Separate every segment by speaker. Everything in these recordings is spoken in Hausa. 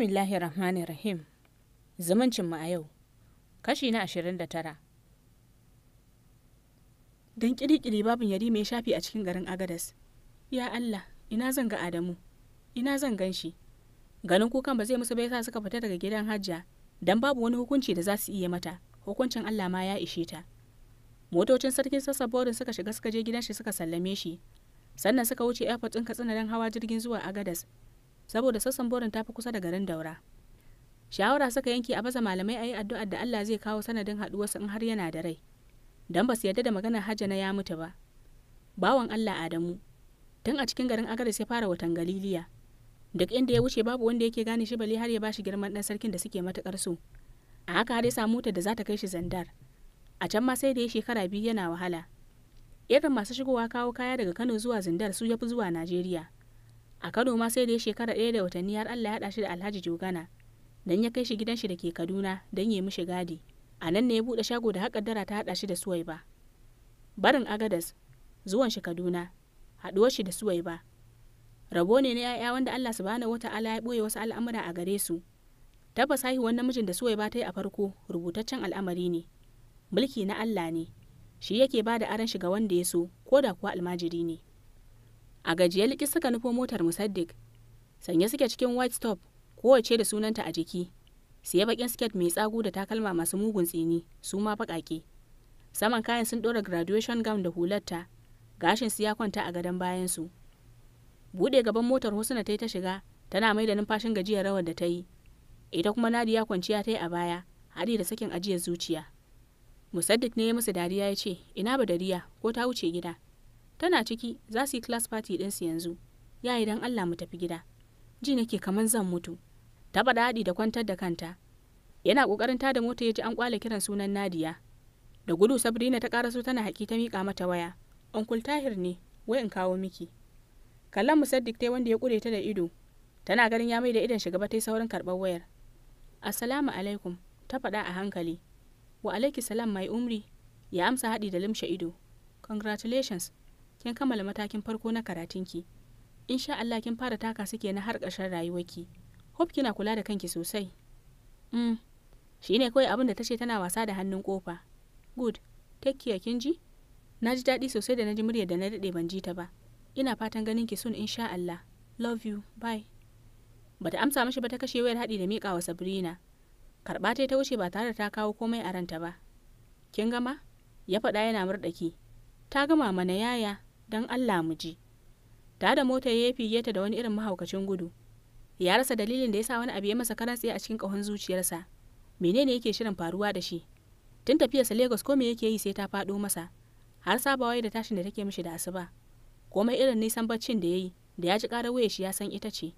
Speaker 1: Bismillahi Rahmanir Rahim. Zumuncinmu a yau, kashi na ashirin da tara. Don kirikiri babin yari mai shafi a cikin garin Agadas. Ya Allah, ina zan ga Adamu, ina zan gan shi. Ganin kukan ba zai musu bai sa suka fita daga gidan hajja, don babu wani hukunci da za su iya mata, hukuncin Allah ma ya ishe ta. Motocin sarkin borin suka shiga suka je gidan shi suka sallame shi, sannan suka wuce airport ɗin Katsina don hawa jirgin zuwa Agadas saboda sassan borin ta fi kusa da garin daura shawara suka yanki a baza malamai a yi addu'ar da Allah zai kawo sanadin haɗuwarsu in har yana da rai don ba su yarda da maganar na ya mutu ba bawan Allah Adamu tun a cikin garin agaris ya fara watan galiliya duk inda ya wuce babu wanda yake gane shi bale har ya bashi girman dan sarkin da suke matukar so a haka har ya samu motar da za ta kai shi zandar a can ma sai da ya shekara biyu yana wahala irin masu shigowa kawo kaya daga Kano zuwa Zindar su ya fi zuwa Najeriya a kano ma sai da ya shekara ɗaya da watanni har allah ya haɗa shi da alhaji jogana dan ya kai shi gidan shi da ke kaduna don ya mishi gadi a nan ne ya buɗe shago da Dara ta haɗa shi da suwaiba barin agadas zuwan shi kaduna haɗuwar shi da suwaiba rabo ne na 'ya'ya wanda allah wata ala ya ɓoye wasu al'amura a gare su tabbas haihuwar namijin da suwaiba ta yi a farko rubutaccen al'amari ne mulki na allah ne shi yake ba da shi shiga wanda ya so ko da kuwa almajiri ne a gajiye liki suka nufo motar musaddik sanye suke cikin white stop kowace da sunanta a jiki siya bakin siket mai tsago da takalma masu mugun tsini su ma bakake saman kayan sun dora graduation gown da hularta gashin su ya kwanta a gadon bayan su bude gaban motar husna ta yi ta shiga tana mai da numfashin gajiyar rawar da ta yi ita kuma nadiya kwanciya ta yi a baya haɗi da sakin ajiyar zuciya musaddik ne ya musu dariya ya ce ina ba dariya ko ta wuce gida tana ciki za su yi class party su yanzu ya idan allah mu tafi gida ji nake kamar zan mutu ta faɗa haɗi da kwantar da kanta yana ƙoƙarin da mota ya ji an kwale kiran sunan nadiya da gudu sabrina ta so tana haƙi ta miƙa mata waya onkul tahir ne wai in kawo miki kallon musaddiq tai wanda ya ƙure ta da ido tana ganin ya mai da idan shiga ta saurin karɓar wayar assalamu alaikum ta faɗa a hankali wa alaiki salam mai umri ya amsa haɗi da limshe ido congratulations kin kammala matakin farko na karatunki insha Allah kin fara taka suke na har ƙarshen rayuwarki hope kina kula da kanki sosai mm ne kawai abin da tace tana wasa da hannun kofa good take care kin ji na ji daɗi sosai da na ji muryar da na daɗe ban ji ta ba ina fatan ganin ki sun insha Allah love you bye bata amsa mashi ba ta kashe wayar haɗi da miƙawa, wa Sabrina karɓa ta ta wuce ba tare da ta kawo komai a ranta ba kin gama ya faɗa yana murɗaki ta gama mana yaya don Allah mu ji. Ta da motar ya fiye ta da wani irin mahaukacin gudu. Ya rasa dalilin da ya sa wani abu ya masa karan a cikin ƙahon zuciyarsa. Menene yake shirin faruwa da shi? Tun tafiyarsa Lagos ko me yake yi sai ta faɗo masa. Har sabawa da tashin da take mishi da asuba. Komai irin nisan baccin da ya yi, da ya ji ƙarar wuya shi ya san ita ce.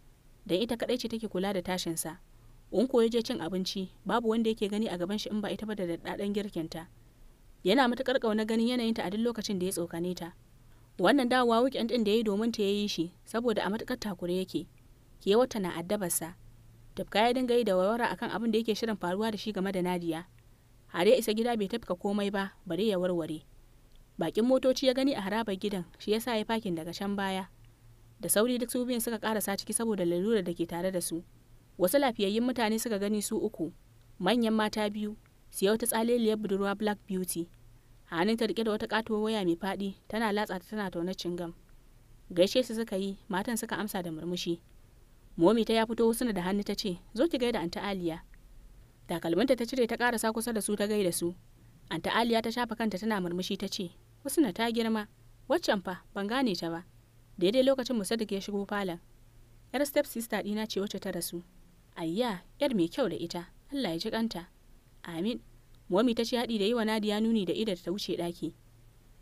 Speaker 1: Dan ita kaɗai ce take kula da tashinsa. In ko ya je cin abinci, babu wanda yake gani a gaban shi in ba ita ba da daddaɗen girkinta. Yana matuƙar ƙauna ganin yanayinta a duk lokacin da ya tsokane ta. wannan dawowa weekend din da ya yi domin ta yi shi saboda a matukar takure yake Ke wata na addabarsa tafka ya dinga yi da wawara akan abin da yake shirin faruwa da shi game da nadiya har ya isa gida bai tafka komai ba bare ya warware bakin motoci ya gani a harabar gidan shi ya sa ya fakin daga can baya da sauri duk su biyun suka karasa ciki saboda lalura da ke tare da su wasu lafiyayyun mutane suka gani su uku manyan mata biyu siya wata tsaleliyar budurwa black beauty a ta rike da wata katuwa waya mai faɗi tana latsa ta tana tauna cingam gaishe su suka yi matan suka amsa da murmushi momi ta ya fito husna da hannu ta ce zo ki gaida anta aliya takalminta ta cire ta karasa kusa da su ta gaida su anta aliya ta shafa kanta tana murmushi ta ce husna ta girma waccan fa ban gane ta ba daidai lokacin musadik ya shigo falon yar step sister dina ce wacce ta rasu ayya yar mai kyau da ita allah ya ji kanta amin Momi ta ci haɗi da yi wa Nadiya nuni da ida ta wuce ɗaki.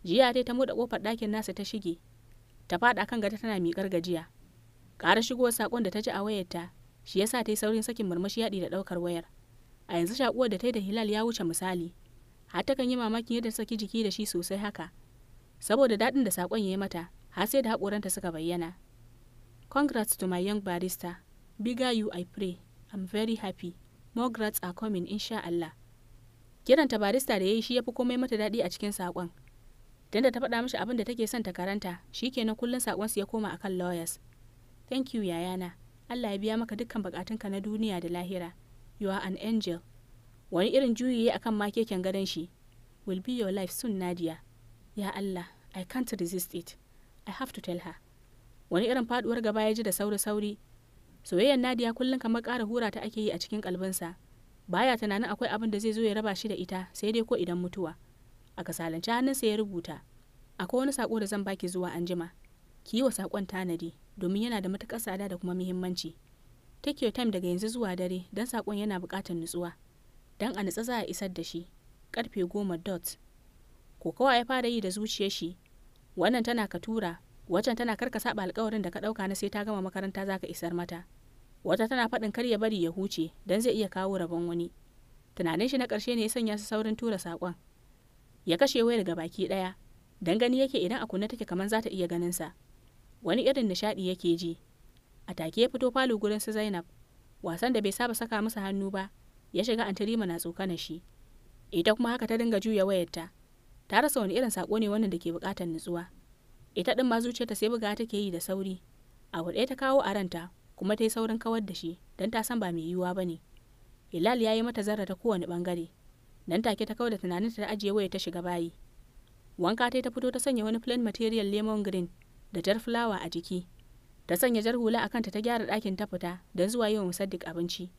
Speaker 1: Jiya ta ta muɗa ƙofar ɗakin nasa ta shige. Ta faɗa kan gata tana miƙar gajiya. Ƙara shigowar saƙon da ta ji a wayarta shi yasa ta yi saurin sakin murmushi yaɗi da ɗaukar wayar. A yanzu shaƙuwar da ta yi da Hilal ya wuce misali. Har ta kan yi mamakin yadda saki jiki da shi sosai haka. Saboda daɗin da saƙon ya yi mata, har sai da haƙoranta suka bayyana. Congrats to my young barista. Bigger you I pray. I'm very happy. More grads are coming, insha Allah. kiranta barista da yayi shi yafi komai mata daɗi a cikin sakon dan da ta faɗa mishi abin da take son ta karanta shikenan kullun sakon su ya koma akan lawyers thank you yayana Allah ya biya maka dukkan bukatunka na duniya da lahira you are an angel wani irin juyi akan makeken gadon shi will be your life soon Nadia ya Allah I can't resist it I have to tell her wani irin faduwar gaba ya ji da sauri sauri soyayyar Nadia kullum kamar ƙara hura ta ake yi a cikin kalbinsa baya tunanin akwai abin da zai zo ya raba shi da ita sai dai ko idan mutuwa a kasalance hannunsa ya rubuta akwai wani sako da zan baki zuwa anjima ki yi wa sakon tanadi domin yana da matukar tsada da kuma muhimmanci take your time daga yanzu zuwa dare don sakon yana bukatar nutsuwa dan a nutsa za a isar da shi karfe goma dot kokawa ya fara yi da zuciyar shi wannan tana ka tura waccan tana karka saba alkawarin da ka dauka na sai ta gama makaranta zaka isar mata wata tana faɗin kar ya bari ya huce don zai iya kawo rabon wani tunanin shi na ƙarshe ne ya sanya su saurin tura saƙon ya kashe wayar ga baki ɗaya don gani yake idan a kunne take kamar za ta iya ganin sa wani irin nishaɗi yake ji a take ya fito falo gurin su zainab wasan da bai saba saka masa hannu ba ya shiga antirima na tsokana shi ita kuma haka ta dinga juya wayarta ta rasa wani irin saƙo ne wannan da ke buƙatar nutsuwa ita ɗin ma zuciyarta sai buga take yi da sauri a ɗaya ta kawo a ranta kuma ta yi saurin kawar da shi don ta san ba mai yiwuwa ba ne hilal ya yi mata zarra ta kowane bangare nan take ta kawar da tunanin ta ajiye waya ta shiga bayi wanka ta ta fito ta sanya wani plain material lemon green da jar fulawa a jiki ta sanya jar hula a kanta ta gyara ɗakin ta fita don zuwa yi wa musaddik abinci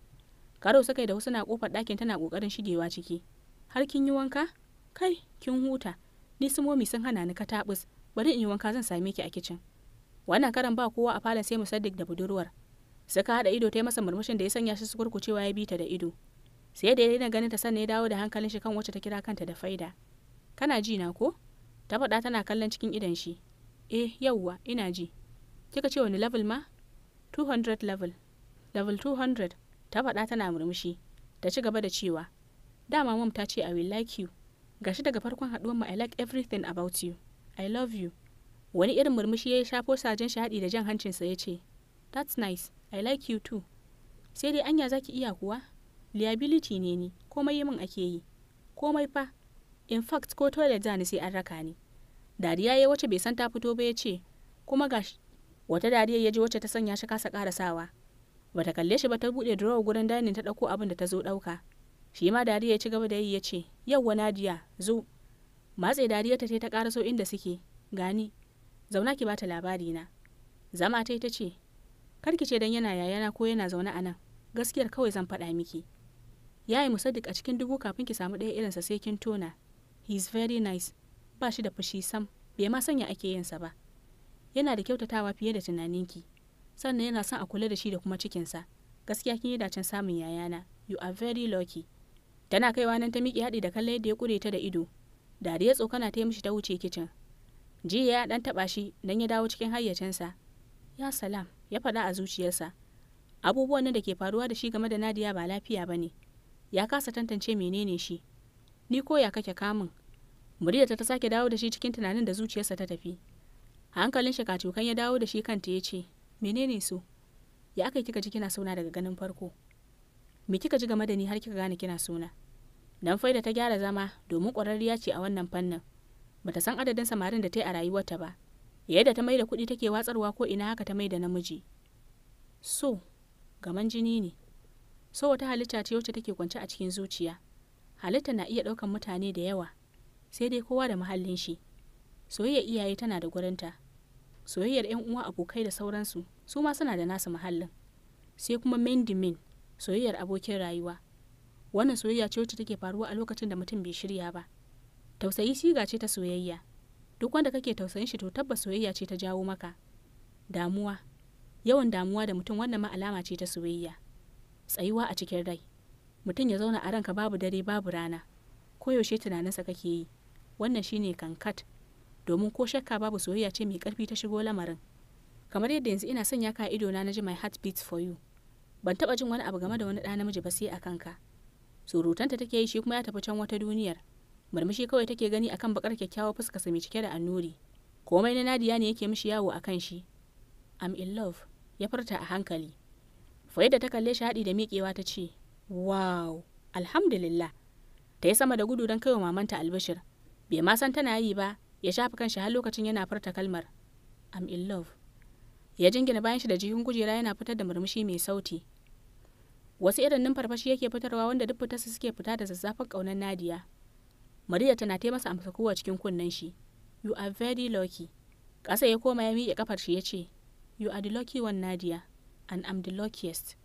Speaker 1: karo sakai da wasu na kofar ɗakin tana ƙoƙarin shigewa ciki har kin yi wanka kai kin huta ni su momi sun hana ni katabus bari in yi wanka zan same ki a kicin wannan karan ba kowa a falon sai musaddik da budurwar suka haɗa ido ta yi masa murmushin da ya sanya shi su cewa ya bi ta da ido sai da ya daina ganin ta sannan ya dawo da hankalin shi kan wacce ta kira kanta da faida kana ji na ko ta faɗa tana kallon cikin idon shi eh yauwa ina ji kika ce wani level ma 200 level level 200 ta faɗa tana murmushi ta ci gaba da cewa dama mom ta ce i will like you gashi daga farkon haɗuwar ma i like everything about you i love you wani irin murmushi ya yi shafo sajen shi haɗi da jan hancinsa ya ce that's nice I like you too. Sai dai anya zaki iya kuwa? Liability ne ni, komai yi min ake yi. Komai fa. In fact ko toilet za ni sai an raka ni. Dariya ya wace bai san ta fito ba ya ce, kuma gashi wata dariya ya ji wacce ta sanya shi kasa sawa. Bata kalle shi ba ta buɗe drawer gurin dining ta ɗauko abin da ta zo ɗauka. Shi ma dariya ya ci gaba da yi ya ce, yawwa Nadiya, zo. Matse dariya ta ta ƙaraso inda suke, gani, zauna ki ba ta labari na. Zama ta ta ce, Kar ki ce dan yana yayana ko yana zaune a nan. Gaskiyar kawai zan faɗa miki. ya yi Musaddiq a cikin dubu kafin ki samu ɗaya irinsa sai kin tona. He is very nice. Ba shi da fushi sam, bai ma sanya ake yinsa ba. Yana da kyautatawa fiye da tunaninki. Sannan yana son a kula da shi da kuma cikinsa. Gaskiya kin yi dacin samun yayana. You are very lucky. Tana kaiwa nan ta miƙi haɗi da kallon yadda ya ƙure ta da ido. Dariya tsokana ta yi mishi ta wuce kicin. Jiya ya ɗan taɓa shi don ya dawo cikin hayyacinsa. Ya salam. ya faɗa a zuciyarsa abubuwan da ke faruwa da shi game da nadiya ba lafiya ba ne ya kasa tantance menene shi ni ko ya kake kamun muryarta ta ta sake dawo da shi cikin tunanin da zuciyarsa ta tafi hankalin shi kacokan ya dawo da shi kanta ya ce menene su? ya aka kika ji kina suna daga ganin farko me kika ji game da ni har kika gane kina suna? nan faida ta gyara zama domin ƙwararriya ce a wannan fannin bata san adadin samarin da ta yi a rayuwarta ba yadda ta mai da kuɗi take watsarwa ko ina haka ta mai da namiji so gaman jini ne so wata halitta ce wacce take kwance a cikin zuciya halitta na iya ɗaukan mutane da yawa sai dai kowa da muhallin shi soyayyar iyaye tana da gurinta soyayyar yan uwa abokai da sauransu su ma suna da nasu muhallin sai kuma main soyayyar abokin rayuwa wannan soyayya ce wacce take faruwa a lokacin da mutum bai shirya ba tausayi siga ce ta soyayya duk wanda kake tausayin shi to tabbas soyayya ce ta jawo maka damuwa yawan damuwa da mutum wannan ma alama ce ta soyayya tsayuwa a cikin rai mutum ya zauna a ranka babu dare babu rana koyaushe tunaninsa kake yi wannan shine kankat domin ko shakka babu soyayya ce mai karfi ta shigo lamarin kamar yadda yanzu ina sanya ka ido na ji my heart beats for you ban taba jin wani abu game da wani ɗa namiji ba sai a kanka surutanta take yi shi kuma ya tafi can wata duniyar murmushi kawai take gani akan bakar kyakkyawar fuskarsa mai cike da annuri komai na nadiya ne yake mishi yawo akan shi i'm in love ya furta a hankali faida ta kalle shi haɗi da miƙewa ta ce wow alhamdulillah ta yi sama da gudu don kaiwa mamanta albashir bai ma san tana yi ba ya shafa kanshi har lokacin yana furta kalmar i'm in love ya jingina bayan shi da jikin kujera yana fitar da murmushi mai sauti wasu irin numfarfashi yake fitarwa wanda duk fitarsa suke fita da zazzafin ƙaunar nadiya Maria tana ta masa amsa kowa cikin kunnen shi. You are very lucky. Ƙasa ya koma ya miƙe kafar shi ya ce, You are the lucky one Nadia and I'm the luckiest.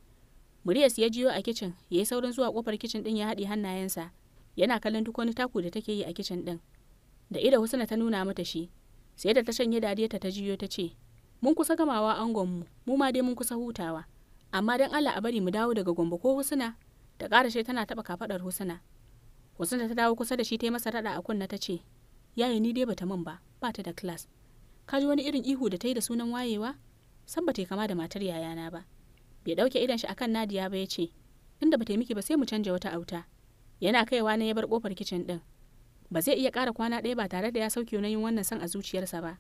Speaker 1: maria ya jiyo a kicin, ya yi saurin zuwa kofar kicin ɗin ya haɗe hannayensa, yana kallon duk wani taku da take yi a kicin ɗin. Da ida Husna ta nuna mata shi, sai da ta shanye dariyarta ta jiyo ta ce, Mun kusa gamawa angonmu, mu ma dai mun kusa hutawa, amma don Allah a bari mu dawo daga Gombe ko Husna, ta ƙarashe tana taɓa kafaɗar Husna. wasu da ta dawo kusa da shi ta yi masa raɗa a kunna ta ce yayi ni dai bata min ba ba ta da class ka ji wani irin ihu da ta yi da sunan wayewa san ba ta kama da matar yayana ba bai ɗauke idan shi akan nadiya ba ya ce inda ba ta miki ba sai mu canja wata auta yana kaiwa na ya bar kofar kicin din ba zai iya ƙara kwana ɗaya ba tare da ya sauke na yin wannan son a zuciyarsa ba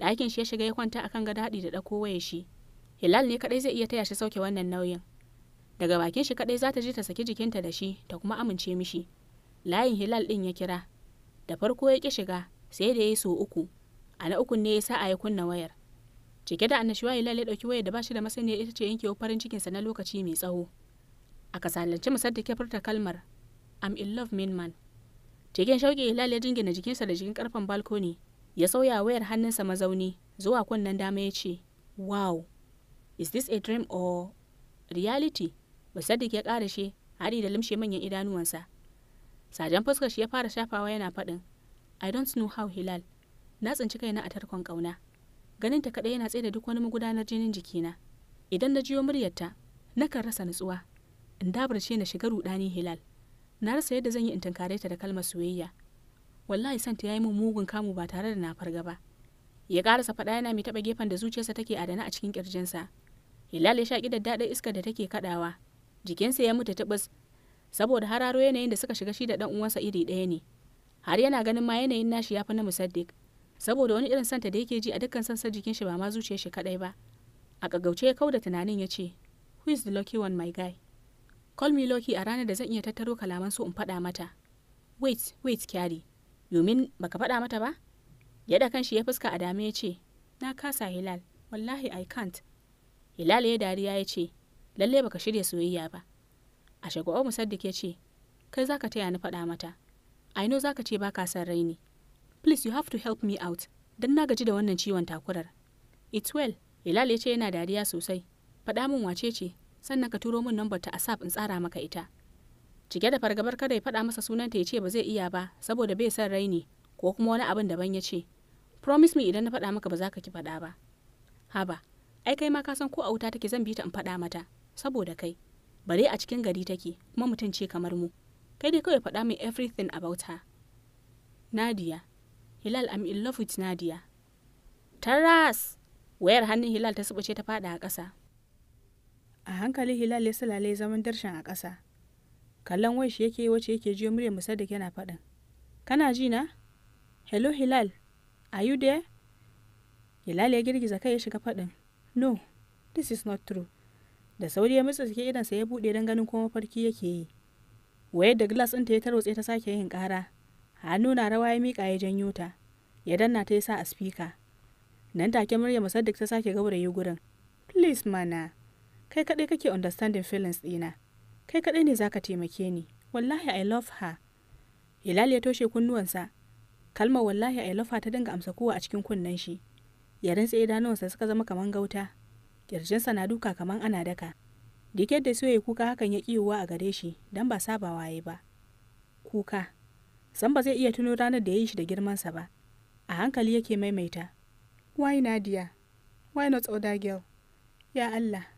Speaker 1: ɗakin shi ya shiga ya kwanta akan gada haɗi da ɗako waye shi hilal ne kaɗai zai iya taya shi sauke wannan nauyin daga bakin shi kaɗai za ta je ta saki jikinta da shi ta kuma amince mishi layin hilal ɗin ya kira da farko ya ƙi shiga sai da ya yi sau uku a na ukun ne ya sa a ya kunna wayar cike da annashuwa hilal ya ɗauki wayar da ba shi da masaniya ita ce yanke farin cikinsa na lokaci mai tsawo a kasalance musadda ke furta kalmar am in love min man cikin shauƙi hilal ya jingina jikinsa da jikin karfen balkoni ya sauya wayar hannunsa mazauni zuwa kunnen dama ya ce wow is this a dream or reality musaddik ya ƙarashe hari da limshe manyan idanuwansa sajan fuskar shi ya fara shafawa yana faɗin i don't know how hilal na tsinci kaina a tarkon kauna. ganin ta kaɗai yana tsaye da duk wani magudanar jinin jikina idan na jiyo muryarta na kan rasa nutsuwa in dabarce na shiga rudani hilal na rasa yadda zan yi in tunkare ta da kalmar soyayya wallahi santa ya yi min mugun kamu ba tare da na farga ba ya karasa faɗa yana mai taɓa gefen da zuciyarsa take adana a cikin ƙirjinsa hilal ya shaƙi da daɗin iskar da take kaɗawa jikinsa ya mutu tabbas saboda hararo yanayin da suka shiga shi da dan uwansa iri ɗaya ne har yana ganin ma yanayin nashi ya fi na musaddik. saboda wani irin santa da yake ji a dukkan sansan jikin shi ba ma zuciyar shi kadai ba a kagauce ya kauda tunanin ya ce who is the lucky one my guy call me lucky a ranar da zan iya tattaro kalaman su in faɗa mata wait wait kyari yomin baka faɗa mata ba yada kan shi ya fuska a dame ya ce na kasa hilal wallahi i can't hilal ya dariya ya ce lalle baka shirya soyayya ba a shagwa'o musaddik ya ce kai za ka taya ni faɗa mata i know ka ce baka son raini please you have to help me out don na gaji da wannan ciwon takurar it's well hilal ya ce yana dariya sosai faɗa min wace ce sannan ka turo min number ta asap in tsara maka ita cike da fargabar kada ya faɗa masa sunanta ya ce ba zai iya ba saboda bai son raini ko kuma wani abin daban ya ce promise me idan na faɗa maka ba za ka ki faɗa ba haba ai kai ma ka san ko a wuta take zan bi ta in faɗa mata saboda kai bare a cikin gari take kuma mutum ce kamar mu kai dai kawai faɗa min everything about her nadia hilal am in love with nadia taras wayar hannun hilal ta subuce ta faɗa a ƙasa a hankali hilal ya salale zaman darshan a ƙasa kallon wai shi yake wace yake jiyo muryar da yana faɗin kana ji na hello hilal are you there hilal ya girgiza kai ya shiga faɗin no this is not true da sauri ya mutsa cikin idansa ya buɗe don ganin kuma mafarki yake yi wayar da glass ɗinta ya tarwatse ta sake yin ƙara hannu na rawa ya mika ya janyo ta ya danna ta ya sa a spika nan take murya musaddik ta sake gauraye gurin please mana kai kaɗai kake understanding feelings ɗina kai kaɗai ne zaka taimake ni wallahi i love her hilal ya toshe kunnuwansa kalmar wallahi i love her ta dinga amsa kowa a cikin kunnen shi ya rantsa idanuwansa suka zama kaman gauta kirjinsa na duka kamar ana daka diket da so kuka hakan ya kiyowa a gare shi don ba saba waye ba kuka san ba zai iya tuno ranar da ya yi shi da girmansa ba a hankali yake maimaita why nadia why not other girl ya allah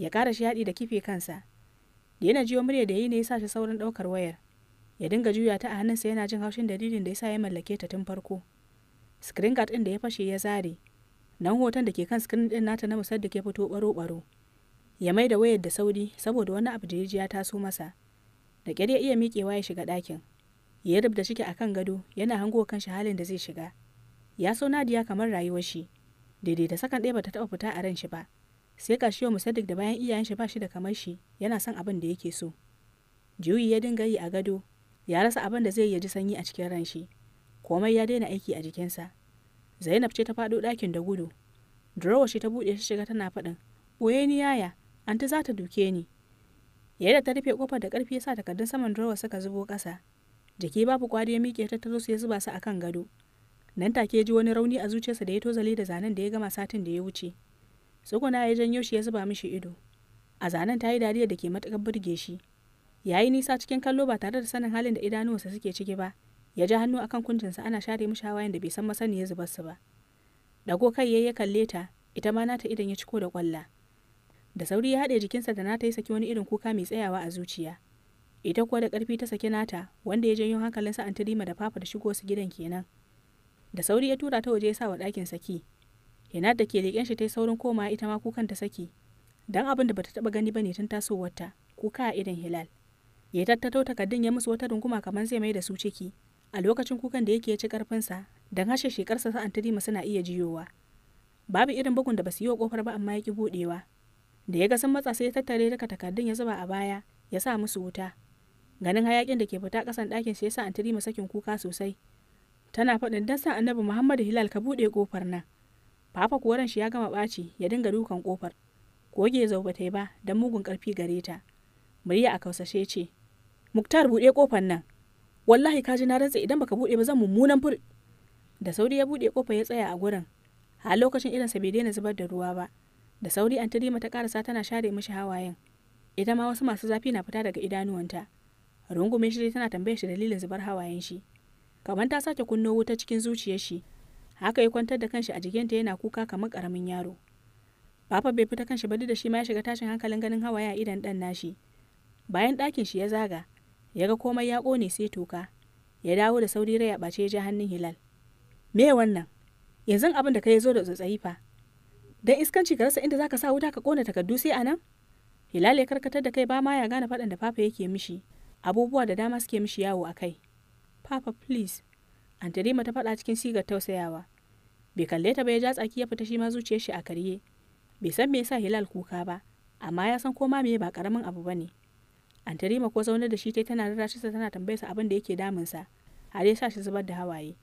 Speaker 1: ya kara shi yaɗi da kife kansa da yana jiwo murya da yi ne ya sa shi saurin ɗaukar wayar ya dinga juya ta a hannunsa yana jin haushin dalilin da ya sa ya mallake ta tun farko screen guard ɗin da ya fashe ya zare dan hoton da ke kan sikirin din nata na da ke fito baro-baro ya mai da wayar da sauri saboda wani abu da ya ji ya taso masa da kyar ya iya miƙewa ya shiga ɗakin ya rubda shike akan gado yana hango kan shi halin da zai shiga ya so nadiya kamar rayuwar shi daidai da sakan ɗaya ba ta taɓa fita a ran shi ba sai ƙarshe musaddik da bayan iyayen shi ba shi da kamar shi yana son abin da yake so juyi ya dinga yi a gado ya rasa abin da zai ya ji sanyi a cikin ran shi komai ya daina aiki a jikinsa zainab ce ta faɗo ɗakin da gudu durowa ce ta buɗe shi shiga tana faɗin ɓoye ni yaya anti za ta duke ni yadda ta rufe ƙofar da ƙarfi sa takardun saman durowa suka zubo ƙasa jiki babu kwari ya miƙe ta tazo su ya zuba su akan gado nan take ji wani rauni a zuciyarsa da ya tozale da zanen da ya gama satin da ya wuce tsuguna ya janyo shi ya zuba mishi ido a zanen ta yi dariya da ke matuƙar burge shi yayi nisa cikin kallo ba tare da sanin halin da idanuwansa suke ciki ba ya ji hannu akan kuncinsa ana share mishi hawayen da bai san masani ya zubar su ba dago kai yayi ya kalle ta ita ma nata idan ya ciko da kwalla da sauri ya haɗe jikinsa da nata ya saki wani irin kuka mai tsayawa a zuciya ita kuwa da ƙarfi ta saki nata wanda ya janyo hankalinsa an tirima da fafa da shigo su gidan kenan da sauri ya tura ta waje ya sa wa ɗakin saki Ina da ke leƙen shi ta yi saurin komawa ita ma kukan ta saki dan abin da bata taɓa gani ba ne tun tasowarta kuka a idan hilal ya tattato takardun ya musu wata runguma kamar zai mai da su ciki a lokacin kukan da yake ya ci karfinsa don hashe shekarsa sa'an tarima suna iya jiyowa babu irin bugun da ba su yi wa kofar ba amma ya ki budewa da ya ga sun matsa sai ya tattare daga takardun ya zuba a baya ya sa musu wuta ganin hayakin da ke fita kasan ɗakin shi ya sa an tarima sakin kuka sosai tana faɗin dan san annabi muhammadu hilal ka buɗe kofar nan fafa ran shi ya gama ɓaci ya dinga dukan kofar koge zau ba ta yi ba don mugun ƙarfi gare ta murya a kausashe ce muktar buɗe kofar nan wallahi ka ji na rantse idan baka buɗe ba zan mummunan fur da sauri ya buɗe kofa ya tsaya a gurin a lokacin sa bai daina zubar da ruwa ba da sauri an tadi ta karasa tana share mishi hawayen ita ma wasu masu zafi na fita daga idanuwanta rungume shi tana tambayar shi dalilin zubar hawayen shi kamar ta sake kunno wuta cikin zuciyar shi haka ya kwantar da kanshi a jikinta yana kuka kamar karamin yaro papa bai fita kanshi ba da shi ma ya shiga tashin hankalin ganin hawaye a idan dan nashi bayan ɗakin shi ya zaga ya ga komai ya ƙone sai toka ya dawo da sauri rai a ɓace ji hannun hilal me wannan yanzu abin da ka zo da tsatsayi fa dan iskanci ka rasa inda zaka sa wuta ka kona takardu sai anan hilal ya karkatar da kai ba ma ya gane faɗan da fafa yake mishi abubuwa da dama suke mishi yawo a kai papa please antarima ta faɗa cikin sigar tausayawa bai kalle ta ba ya ja tsaki ya fita shi ma zuciyar shi a karye bai san me yasa hilal kuka ba amma ya san koma me ba karamin abu ba ne. antarima ko zaunar da shi tai tana rarrashi shi tana sa abin da yake damunsa har ya sa shi zubar da hawaye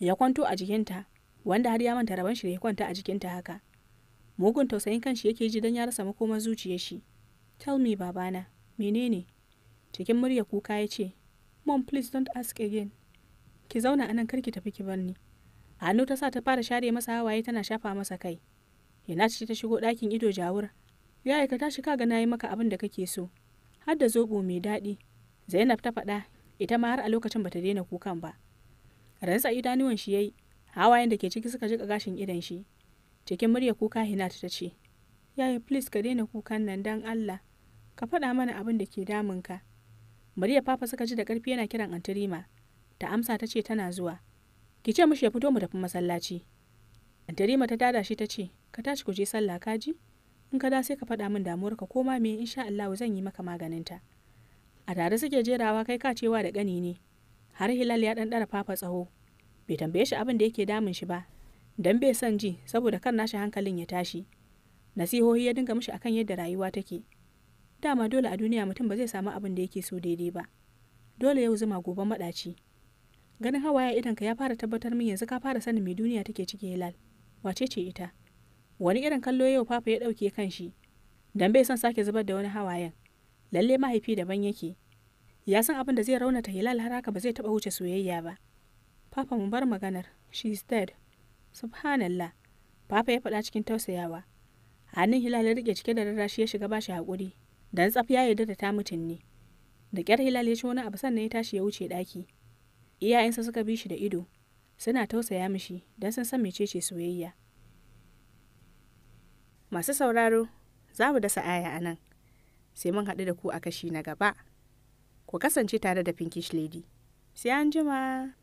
Speaker 1: ya kwanto a jikinta wanda har ya manta rabon shi da ya kwanta a jikinta haka mugun tausayin kanshi yake ji dan ya rasa makoma zuciyar shi tell me babana menene cikin murya kuka ya ce mom please don't ask again ki zauna anan kar ki tafi ki bar ni hannu ta sa ta fara share masa hawaye tana shafa masa kai yana ce ta shigo ɗakin ido jawur ya ka tashi ka kaga nayi maka abin da kake so har da zobo mai daɗi zainab ta faɗa ita ma har a lokacin bata daina kukan ba rantsa idanuwan shi yayi hawayen da ke ciki suka jika gashin idan shi cikin murya kuka hinata ta ce Yaya, please ka daina kukan nan dan allah ka faɗa mana abin da ke ka. murya papa suka ji da ƙarfi yana kiran antirima ta amsa ta ce tana zuwa ki ce mishi ya fito mu tafi masallaci antirima ta tada shi ta ce ka tashi ku je sallah ka ji in ka da sai ka faɗa min damuwarka ko ma me insha Allah zan yi maka maganin ta a tare suke jerawa kai ka cewa da gani ne har Hilal ya ɗanɗara fafa tsaho bai tambaye shi abin da yake damun shi ba dan bai son ji saboda kan nashi hankalin ya tashi nasihohi ya dinga mishi akan yadda rayuwa take dama dole a duniya mutum ba zai samu abin da yake so daidai ba dole yau zuma gobe maɗaci ganin hawaya ka ya fara tabbatar min yanzu ka fara sanin me duniya take ciki hilal wace ce ita wani irin kallo yau fafa ya ɗauke kan shi dan bai son sake zubar da wani hawayen lalle mahaifi daban yake ya san abin da zai raunata hilal har haka ba zai taɓa wuce soyayya ba fafa mu bar maganar she is dead subhanallah fafa ya faɗa cikin tausayawa hannun hilal ya rike cike da rarrashi ya shiga bashi haƙuri dan tsaf ya yarda da ta mutum ne da ƙyar hilal ya ci wani abu sannan ya tashi ya wuce ɗaki iyayensa suka bi shi da ido suna tausaya mishi don sun san mecece soyayya Masu sauraro, za mu dasa aya a nan, sai mun haɗu da ku a kashi na gaba. Ku kasance tare da Pinkish Lady. Sai an jima.